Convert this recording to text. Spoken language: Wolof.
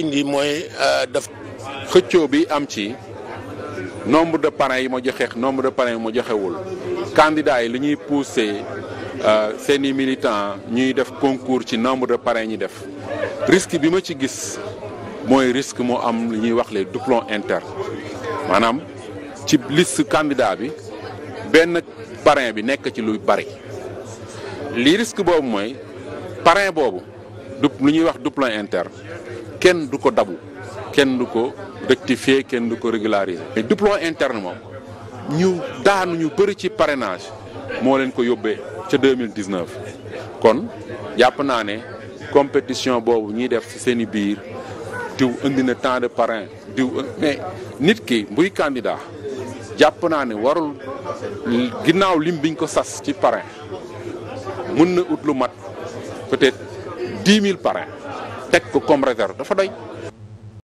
indi mooy euh, daf xëccoo bi am ci nombre de parrains yi ma joxe nombre de parrains ma joxewul candidats yi li ñuy poussé euh, seen i militants ñuy def concours ci nombre de parrains ñi def risque bi ma ci gis mooy risque mu am li ñuy wax les doublons internes maanaam ci liste candidat bi benn parrain bi nekk ci luy bari li risque boobu mooy parrain boobu du lu ñuy wax du plan interne kenn du ko dabu kenn du ko rectifier kenn du ko régulariser. mais du plan interne moom ñu daanu ñu bëri ci parenage moo leen ko yóbbee ca 2019 kon jàpp naa ne compétition boobu ñuy def ci seen i biir diw indi na temps de parrain diw mais nit ki buy candidat jàpp naa ne warul ginnaaw lim biñ ko sas ci parrain mën na ut lu mat peut dix mille parrains teg ko comme réserve dafa doy.